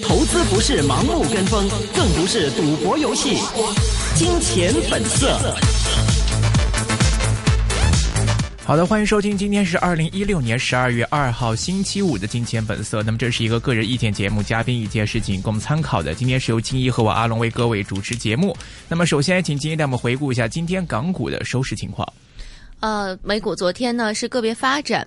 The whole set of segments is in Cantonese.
投資不是盲目跟風，更不是賭博遊戲。金錢本色。好的，歡迎收聽，今天是二零一六年十二月二號星期五的金錢本色。那麼這是一個個人意見節目，嘉賓意見是僅供參考的。今天是由金一和我阿龍為各位主持節目。那麼首先，請金一帶我們回顧一下今天港股的收市情況。呃，美股昨天呢是個別發展。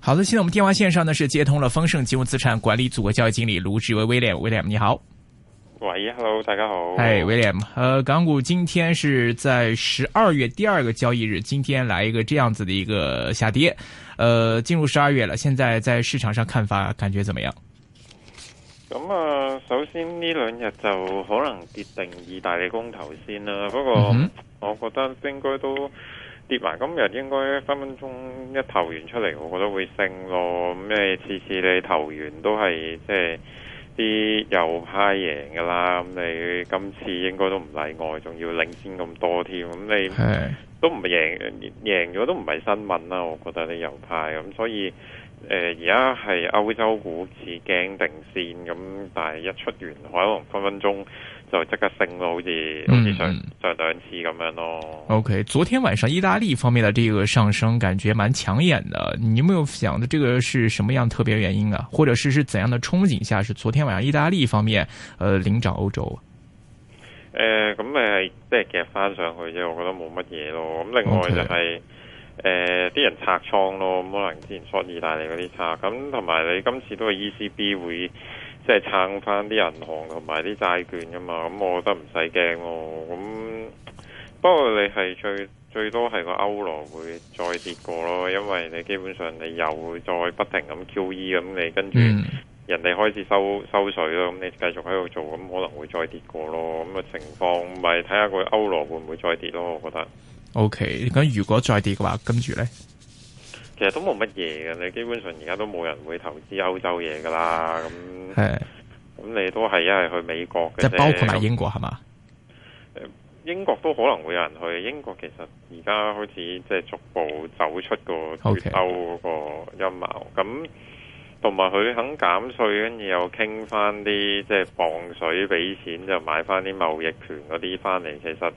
好的，現在我們電話線上呢是接通了豐盛金融資產管理組合交易經理盧志威威廉，威廉你好，喂，hello，大家好，嗨，威廉，呃，港股今天是在十二月第二個交易日，今天來一個這樣子的一個下跌，呃，進入十二月了，現在在市場上看法感覺怎麼樣？咁啊、嗯哼，首先呢兩日就可能跌定意大利公投先啦，不過我覺得應該都。跌埋今日應該分分鐘一投完出嚟，我覺得會升咯。咩次次你投完都係即係啲右派贏㗎啦，咁你今次應該都唔例外，仲要領先咁多添。咁你都唔係贏贏咗都唔係新聞啦。我覺得你右派咁，所以誒而家係歐洲股市驚定先。咁，但係一出完可能分分鐘，就即刻升咯，好似好似上、嗯、上兩次咁樣咯。OK，昨天晚上意大利方面嘅呢個上升，感覺蠻搶眼嘅。你有冇有想到這個是什麼樣特別原因啊？或者是是怎樣嘅憧憬下？是昨天晚上意大利方面，呃領漲歐洲。誒咁誒，即係夾翻上去啫，我覺得冇乜嘢咯。咁另外就係誒啲人拆倉咯，咁可能之前 short 意大利嗰啲拆，咁同埋你今次都係 E C B 會。即係撐翻啲銀行同埋啲債券噶嘛，咁我覺得唔使驚咯。咁不過你係最最多係個歐羅會再跌過咯，因為你基本上你又會再不停咁 QE 咁，你跟住人哋開始收收水咯，咁你繼續喺度做，咁可能會再跌過咯。咁嘅情況咪睇下個歐羅會唔會再跌咯？我覺得。OK，咁如果再跌嘅話，跟住呢。其實都冇乜嘢嘅，你基本上而家都冇人會投資歐洲嘢噶啦，咁，誒係嘅，咁你都係一係去美國嘅，即係包括埋英國係嘛？英國都可能會有人去。英國其實而家開始即係逐步走出個脫歐嗰個陰謀，咁同埋佢肯減稅，跟住又傾翻啲即係磅水錢，俾錢就買翻啲貿易權嗰啲翻嚟，其實。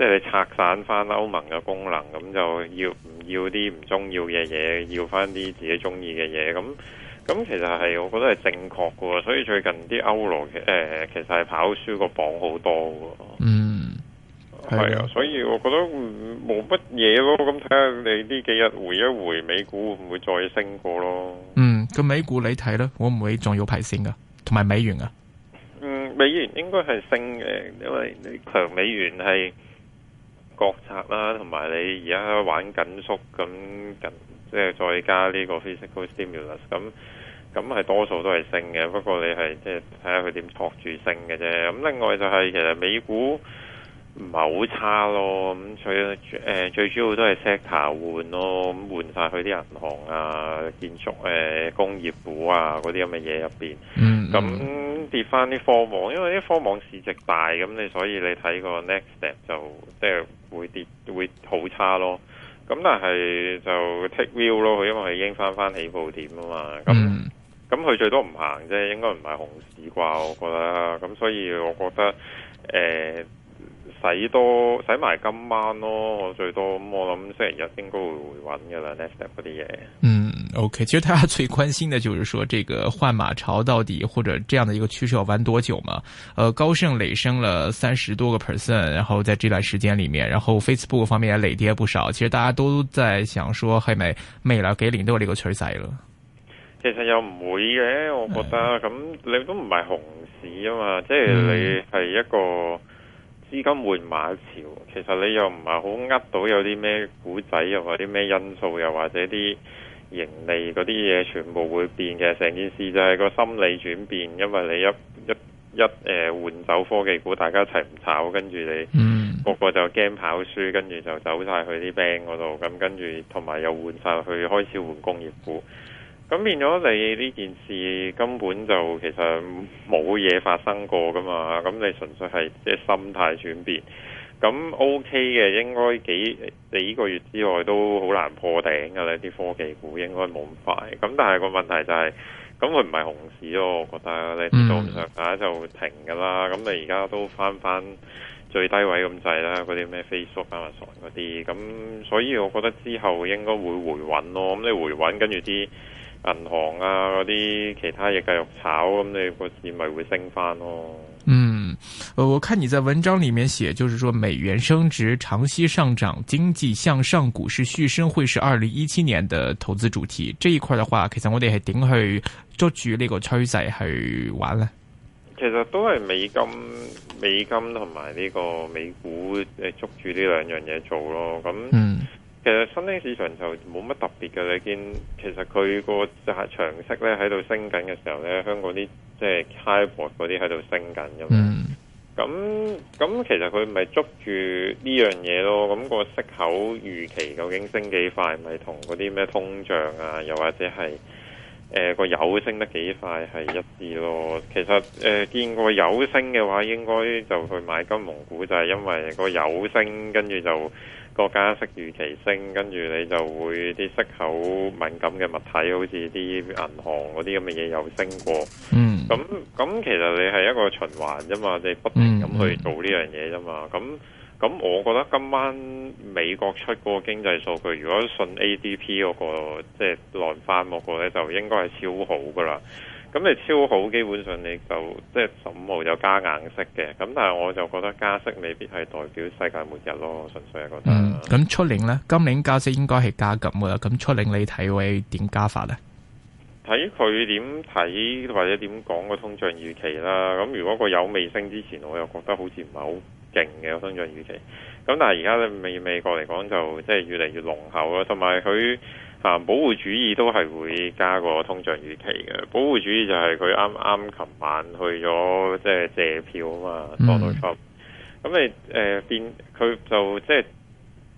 即係你拆散翻歐盟嘅功能，咁就要唔要啲唔重要嘅嘢，要翻啲自己中意嘅嘢。咁咁其實係我覺得係正確嘅，所以最近啲歐羅嘅誒，其實係跑輸個榜好多嘅。嗯，係啊，所以我覺得冇乜嘢咯。咁睇下你呢幾日回一回美股會唔會再升過咯？嗯，咁美股你睇咧，會唔會仲要派升噶？同埋美元啊？嗯，美元應該係升嘅，因為你強美元係。國策啦，同埋你而家玩緊縮咁緊，即係再加呢個 physical stimulus 咁，咁係多數都係升嘅。不過你係即係睇下佢點托住升嘅啫。咁另外就係、是、其實美股唔係好差咯。咁最誒最主要都係 sector 換咯，換曬去啲銀行啊、建築誒、呃、工業股啊嗰啲咁嘅嘢入邊。嗯，咁、mm hmm. 跌翻啲科網，因為啲科網市值大，咁你所以你睇個 next step 就即係。就是會跌會好差咯，咁但係就 take view 咯，佢因為佢已經翻翻起步點啊嘛，咁咁佢最多唔行啫，應該唔係熊市啩，我覺得，咁所以我覺得誒，使多使埋今晚咯，我最多，咁我諗星期日應該會回穩噶啦，next step 嗰啲嘢。嗯。嗯嗯嗯嗯 O、okay, K，其實大家最關心的，就是說這個換馬潮到底或者這樣的一個趨勢要玩多久嘛？呃，高盛累升了三十多個 percent，然後在這段時間裡面，然後 Facebook 方面也累跌不少。其實大家都在想說，係咪賣了給領到這個群仔了？其實又唔會嘅，我覺得咁是你都唔係熊市啊嘛，即係你係一個資金換馬潮，嗯、其實你又唔係好呃到有啲咩股仔又或者咩因素又或者啲。盈利嗰啲嘢全部會變嘅，成件事就係個心理轉變，因為你一一一誒、呃、換走科技股，大家一齊唔炒，跟住你嗯個、mm. 個就驚跑輸，跟住就走晒去啲 bank 嗰度，咁跟住同埋又換晒去開始換工業股，咁、嗯、變咗你呢件事根本就其實冇嘢發生過噶嘛，咁、嗯、你純粹係即係心態轉變。咁 OK 嘅，應該幾幾個月之內都好難破頂㗎啦，啲科技股應該冇咁快。咁但係個問題就係、是，咁佢唔係熊市咯，我覺得你做唔大家就停嘅啦。咁你而家都翻翻最低位咁滯啦，嗰啲咩 Facebook 啊、Amazon 嗰啲，咁所以我覺得之後應該會回穩咯。咁你回穩跟住啲銀行啊嗰啲其他嘢繼續炒，咁你個市咪會升翻咯。誒，我看你在文章裏面寫，就是說美元升值、長期上漲、經濟向上、股市續升，會是二零一七年的投資主題。這一塊嘅話，其實我哋係點去捉住呢個趨勢去玩呢？其實都係美金、美金同埋呢個美股誒，捉住呢兩樣嘢做咯。咁、嗯，其實新興市場就冇乜特別嘅。你見其實佢個即係長息咧喺度升緊嘅時候咧，香港啲即係 high board 嗰啲喺度升緊咁。嗯咁咁、嗯嗯、其實佢咪捉住呢樣嘢咯？咁、嗯，那個息口預期究竟升幾快，咪同嗰啲咩通脹啊，又或者係誒、呃、個油升得幾快係一致咯？其實誒、呃、見個油升嘅話，應該就去買金融股，就係、是、因為個油升跟住就。個加息預期升，跟住你就會啲息口敏感嘅物體，好似啲銀行嗰啲咁嘅嘢又升過。嗯，咁咁其實你係一個循環啫嘛，你不停咁去做呢樣嘢啫嘛。咁咁、嗯、我覺得今晚美國出個經濟數據，如果信 ADP 嗰、嗰個即係攞翻我個咧，就應該係超好噶啦。咁你超好，基本上你就即係十五號就加硬息嘅。咁但係我就覺得加息未必係代表世界末日咯，純粹係覺得。嗯，咁出年呢？今年加息應該係加咁噶啦。咁出年你睇會點加法呢？睇佢點睇或者點講個通脹預期啦。咁如果個有未升之前，我又覺得好似唔係好勁嘅通脹預期。咁但係而家咧美美國嚟講就即係越嚟越濃厚啦，同埋佢。啊！保護主義都係會加個通脹預期嘅。保護主義就係佢啱啱琴晚去咗即係借票啊嘛，Donald Trump。咁、hmm. 你誒、呃、變佢就即係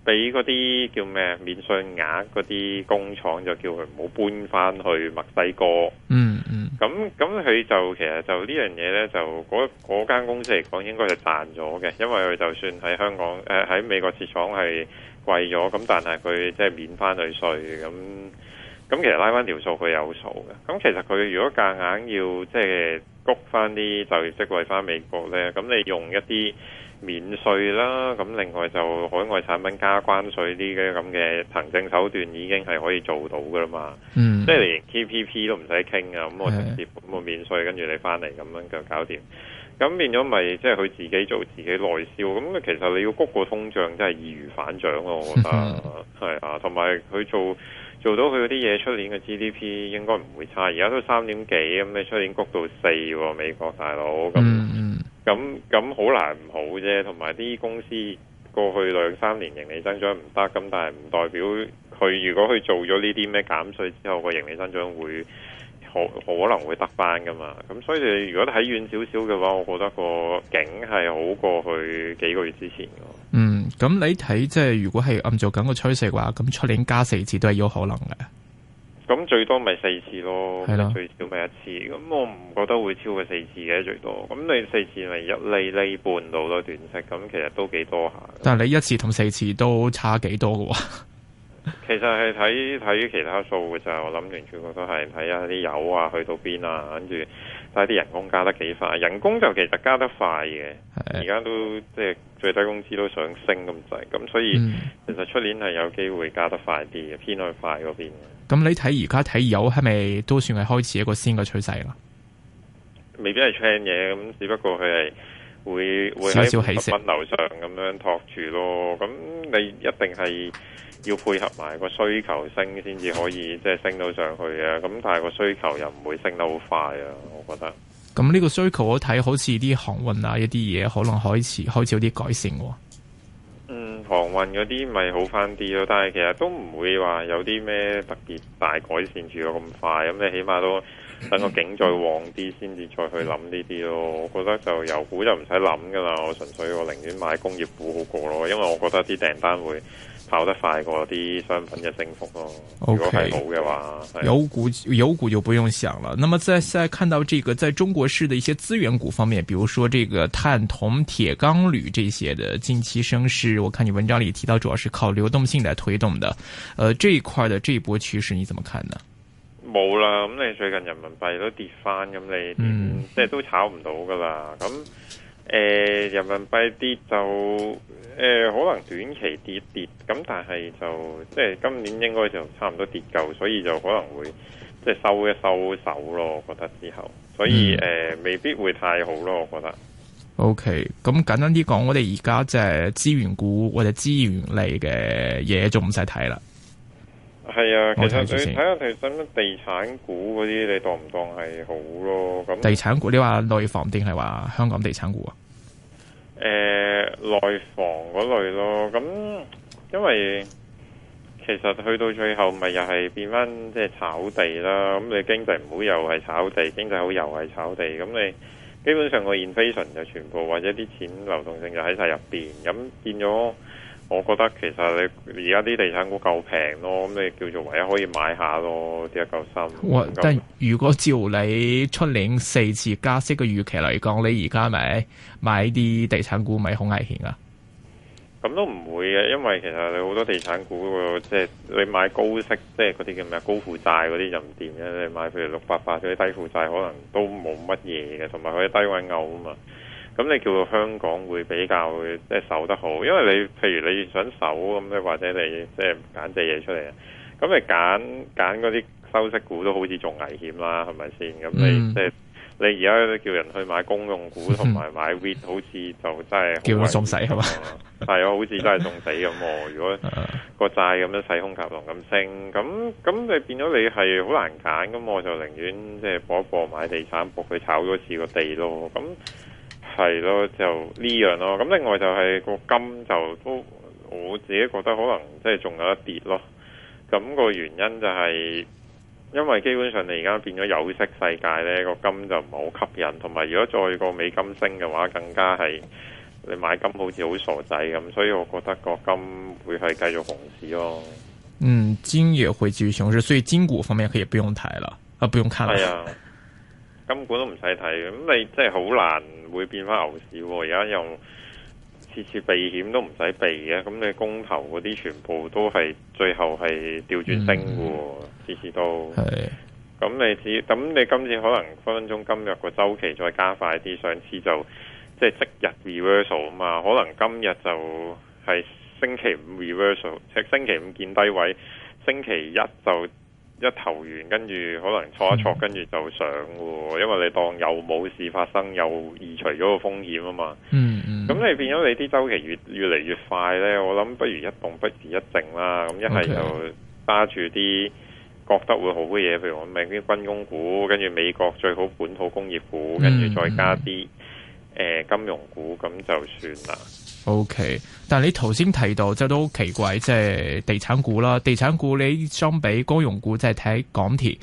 俾嗰啲叫咩免稅額嗰啲工廠就叫佢唔好搬翻去墨西哥。嗯嗯、mm。咁咁佢就其實就呢樣嘢咧，就嗰間公司嚟講應該係賺咗嘅，因為佢就算喺香港誒喺美國設廠係。貴咗咁，但係佢即係免翻去稅咁。咁其實拉翻條數佢有數嘅。咁其實佢如果夾硬要即係谷翻啲就業職位翻美國咧，咁你用一啲免稅啦，咁另外就海外產品加關稅呢啲咁嘅行政手段已經係可以做到噶啦嘛。嗯、即係連 KPP 都唔使傾啊。咁我直接咁我免稅，跟住你翻嚟咁樣就搞掂。咁變咗咪即係佢自己做自己內銷，咁其實你要谷個通脹真係易如反掌咯，我覺得係啊，同埋佢做做到佢嗰啲嘢，出年嘅 GDP 應該唔會差，而家都三點幾，咁你出年谷到四，美國大佬咁，咁咁 好難唔好啫，同埋啲公司過去兩三年盈利增長唔得，咁但係唔代表佢如果去做咗呢啲咩減稅之後，個盈利增長會。好可能會得翻㗎嘛，咁所以你如果睇遠少少嘅話，我覺得個境係好過去幾個月之前嘅。嗯，咁你睇即係如果係按照緊個趨勢嘅話，咁出年加四次都係有可能嘅。咁最多咪四次咯，係啦的，最少咪一次。咁我唔覺得會超過四次嘅最多。咁你四次咪一厘厘半度咯短息，咁其實都幾多下。但係你一次同四次都差幾多嘅喎？其實係睇睇其他數嘅就，我諗完全部都係睇下啲油啊去到邊啊，跟住睇下啲人工加得幾快，人工就其實加得快嘅，而家的都即係最低工資都上升咁滯，咁所以、嗯、其實出年係有機會加得快啲嘅，偏去快嗰邊。咁你睇而家睇油係咪都算係開始一個先嘅趨勢啦？未必係 trend 嘢，咁只不過佢係會、嗯、會喺十蚊樓上咁樣托住咯。咁你一定係。要配合埋個需求升先至可以，即係升到上去啊！咁但係個需求又唔會升得好快啊，我覺得。咁呢個需求我睇好似啲航運啊，一啲嘢可能開始開始有啲改善喎。嗯，航運嗰啲咪好返啲咯，但係其實都唔會話有啲咩特別大改善住到咁快。咁你起碼都等個景再旺啲先至再去諗呢啲咯。 我覺得就油股就唔使諗㗎喇，我純粹我寧願買工業股好過咯，因為我覺得啲訂單會。炒得快過啲商品嘅升幅咯。OK，冇嘅話，有股有股就不用想了。那麼在在看到這個，在中國市的一些資源股方面，比如說這個碳、銅、鐵、鋼、鋼、鋁這些的近期升勢，我看你文章裏提到，主要是靠流動性來推動的。呃，這一塊的這一波趨勢，你怎麼看呢？冇啦，咁你最近人民幣都跌翻，咁你，嗯，即係都炒唔到噶啦，咁。誒、呃，人民幣跌就誒、呃，可能短期跌跌咁，但係就即係今年應該就差唔多跌夠，所以就可能會即係收一收手咯。我覺得之後，所以誒、嗯呃、未必會太好咯。我覺得。OK，咁簡單啲講，我哋而家即係資源股或者資源類嘅嘢就唔使睇啦。係啊，其實你睇下其實乜地產股嗰啲，你當唔當係好咯？咁地產股，你話內房定係話香港地產股啊？誒、呃，內房嗰類咯，咁因為其實去到最後咪又係變返即係炒地啦。咁你經濟唔好又係炒地，經濟好又係炒地。咁你基本上個 inflation 就全部或者啲錢流動性就喺晒入邊，咁變咗。我覺得其實你而家啲地產股夠平咯，咁你叫做唯一可以買下咯，啲一嚿心。我但係如果照你出年四次加息嘅預期嚟講，你而家咪買啲地產股咪好危險啊？咁都唔會嘅，因為其實你好多地產股，即係你買高息，即係嗰啲叫咩？高負債嗰啲就唔掂嘅，你買譬如六百八嗰啲低負債，可能都冇乜嘢嘅，同埋可以低位牛啊嘛。咁你叫到香港會比較即係、就是、守得好，因為你譬如你想守咁你或者你即係揀啲嘢出嚟，咁你揀揀嗰啲收息股都好似仲危險啦，係咪先？咁、嗯、你即係、就是、你而家叫人去買公用股同埋買 REIT 好似就真係叫我送死係嘛？係啊，好似真係送死咁喎！如果個債咁樣細空夾浪咁升，咁咁你變咗你係好難揀，咁我就寧願即係搏一搏買地產，搏佢炒多次個地咯，咁。係咯，就呢樣咯。咁、嗯、另外就係個金就都我自己覺得可能即係仲有一跌咯。咁、個原因就係因為基本上你而家變咗有色世界咧，個金就唔係好吸引，同埋如果再個美金升嘅話，更加係你買金好似好傻仔咁。所以我覺得個金會係繼續熊市咯。嗯，金也會繼續熊市，所以金股方面可以不用睇了，啊、呃，不用看了。哎根本都唔使睇，咁你即係好難會變翻牛市喎、啊。而家又次次避險都唔使避嘅，咁你公投嗰啲全部都係最後係調轉升嘅，次、嗯、次都。係是，咁你只，咁你今次可能分分鐘今日個週期再加快啲，上次就即係即，即，即日 reversal 啊嘛，可能今日就係星期五 reversal，即係星期五見低位，星期一就。一投完，跟住可能挫一挫，嗯、跟住就上喎，因為你當又冇事發生，又移除咗個風險啊嘛。嗯嗯。咁、嗯、你變咗你啲周期越越嚟越快呢，我諗不如一動不如一靜啦。咁、嗯、一係就揸住啲覺得會好嘅嘢，譬如我買啲軍工股，跟住美國最好本土工業股，跟住再加啲、嗯嗯呃、金融股，咁就算啦。O、okay, K，但你頭先提到，即都 OK，怪，在地產股啦。地產股你相比公用股在，即抬睇港鐵。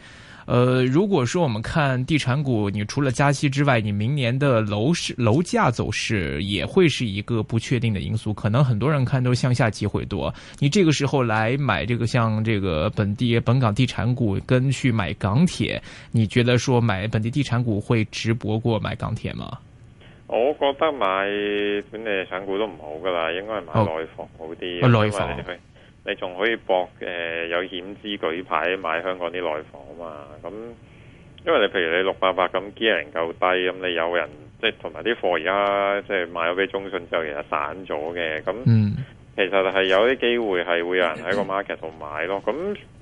呃，如果說我們看地產股，你除了加息之外，你明年的樓市樓價走勢也會是一個不確定的因素。可能很多人看都向下機會多。你這個時候來買這個像這個本地本港地產股，跟去買港鐵，你覺得說買本地地產股會值博過買港鐵嗎？我覺得買本地嘅產股都唔好㗎喇，應該係買內房好啲。好內房，你仲可以博誒、呃、有險資舉牌買香港啲內房嘛？咁因為你譬如你六百八咁，啲人夠低，咁你有人即係同埋啲貨而家即係賣咗俾中信之後，嗯、其實散咗嘅。咁其實係有啲機會係會有人喺個 market 度買咯。咁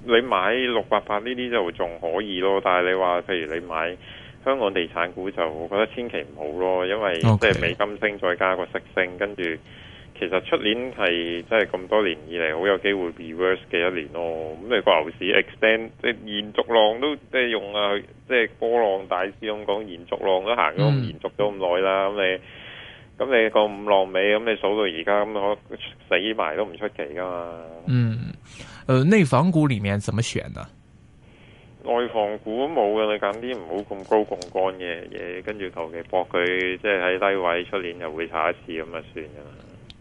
你買六百八呢啲就仲可以咯，但係你話譬如你買香港地產股就我覺得千祈唔好咯。因為即係美金升，再加個息升，Okay. 跟住其實出年係真係咁多年以嚟好有機會 reverse 嘅一年咯。咁你個樓市 extend 即係延續浪都即係用啊，即係波浪大師咁講，延續浪都行咗咁，延續咗咁耐啦。咁你咁你個五浪尾咁你數到而家咁可死埋都唔出奇噶嘛。嗯，誒、呃，內房股裏面怎麼選呢？內房股冇嘅，你揀啲唔好咁高槓桿嘅嘢，跟住求其搏佢，即係喺低位出年又會炒一次咁啊算啦。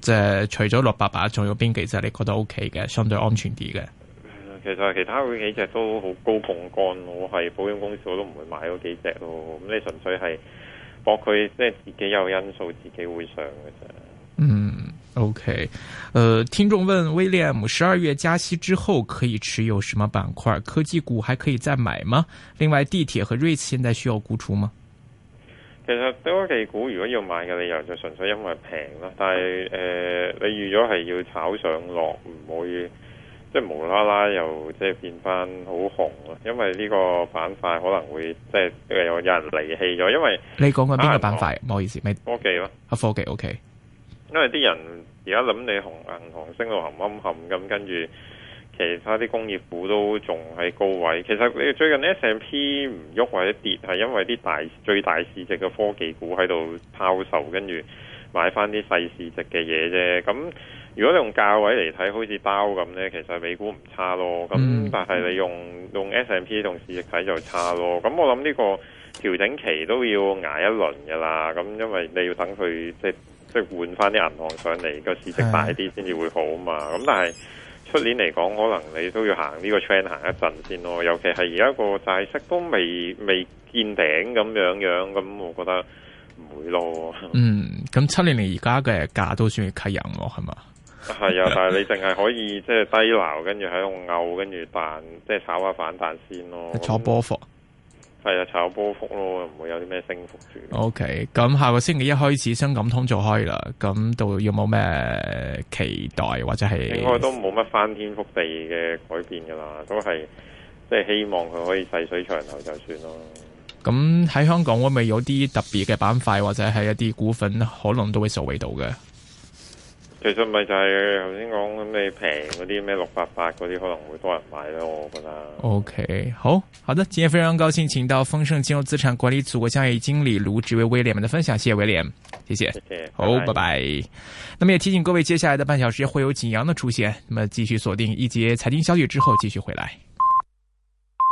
即係除咗六八八，仲有邊幾隻你覺得 O K 嘅，相對安全啲嘅？其實其他幾隻都好高槓桿，我係保險公司我都唔會買嗰幾隻咯。咁你純粹係搏佢，即係自己有因素，自己會上嘅啫。嗯。O.K.，呃，聽眾問 William，十二月加息之後可以持有什麼板塊？科技股還可以再買嗎？另外，地鐵和 REITs 現在需要沽出嗎？其實科技股如果要買嘅理由就純粹因為平啦，但係誒、呃，你預咗係要炒上落，唔會即係無啦啦又即係變翻好紅啊？因為呢個板塊可能會即係又有人離棄咗，因為你講緊邊個板塊？唔好意思，咪科技咯，科技 O.K. 因為啲人而家諗你行銀行升到冚冚冚咁，跟住其他啲工業股都仲喺高位。其實你最近 S&P 唔喐或者跌，係因為啲大最大市值嘅科技股喺度拋售，跟住買翻啲細市值嘅嘢啫。咁如果你用價位嚟睇，好似包咁呢，其實美股唔差咯。咁但係你用用 S&P 同市值睇就差咯。咁我諗呢個調整期都要捱一輪嘅啦。咁因為你要等佢即即係換翻啲銀行上嚟個市值大啲先至會好嘛，咁但係出年嚟講，可能你都要行呢個 train 行一陣先咯，尤其係而家個債息都未未見頂咁樣樣，咁我覺得唔會咯。嗯，咁七零零而家嘅價都算係吸引咯，係嘛？係啊， 但係你淨係可以即係低撈，跟住喺度拗，跟住彈，即係炒下反彈先咯，炒波幅係啊，炒波幅咯，唔會有啲咩升幅住。O K，咁下個星期一開始，深港通就開啦。咁到有冇咩期待或者係？應該都冇乜翻天覆地嘅改變噶啦，都係即係希望佢可以細水長流就算咯。咁喺香港會唔會有啲特別嘅板塊或者係一啲股份可能都會受惠到嘅？其實咪就係頭先講，咁你平嗰啲咩六八八嗰啲可能會多人買咯，我覺得。O、okay, K 好好的，今天非常高興請到豐盛金融資產管理組國商業經理盧志威威廉嘅分享，謝謝威廉，謝謝。謝謝好，bye bye 拜拜。那麼也提醒各位，接下來的半小時會有景陽的出現，那麼繼續鎖定一節財經消息之後繼續回來。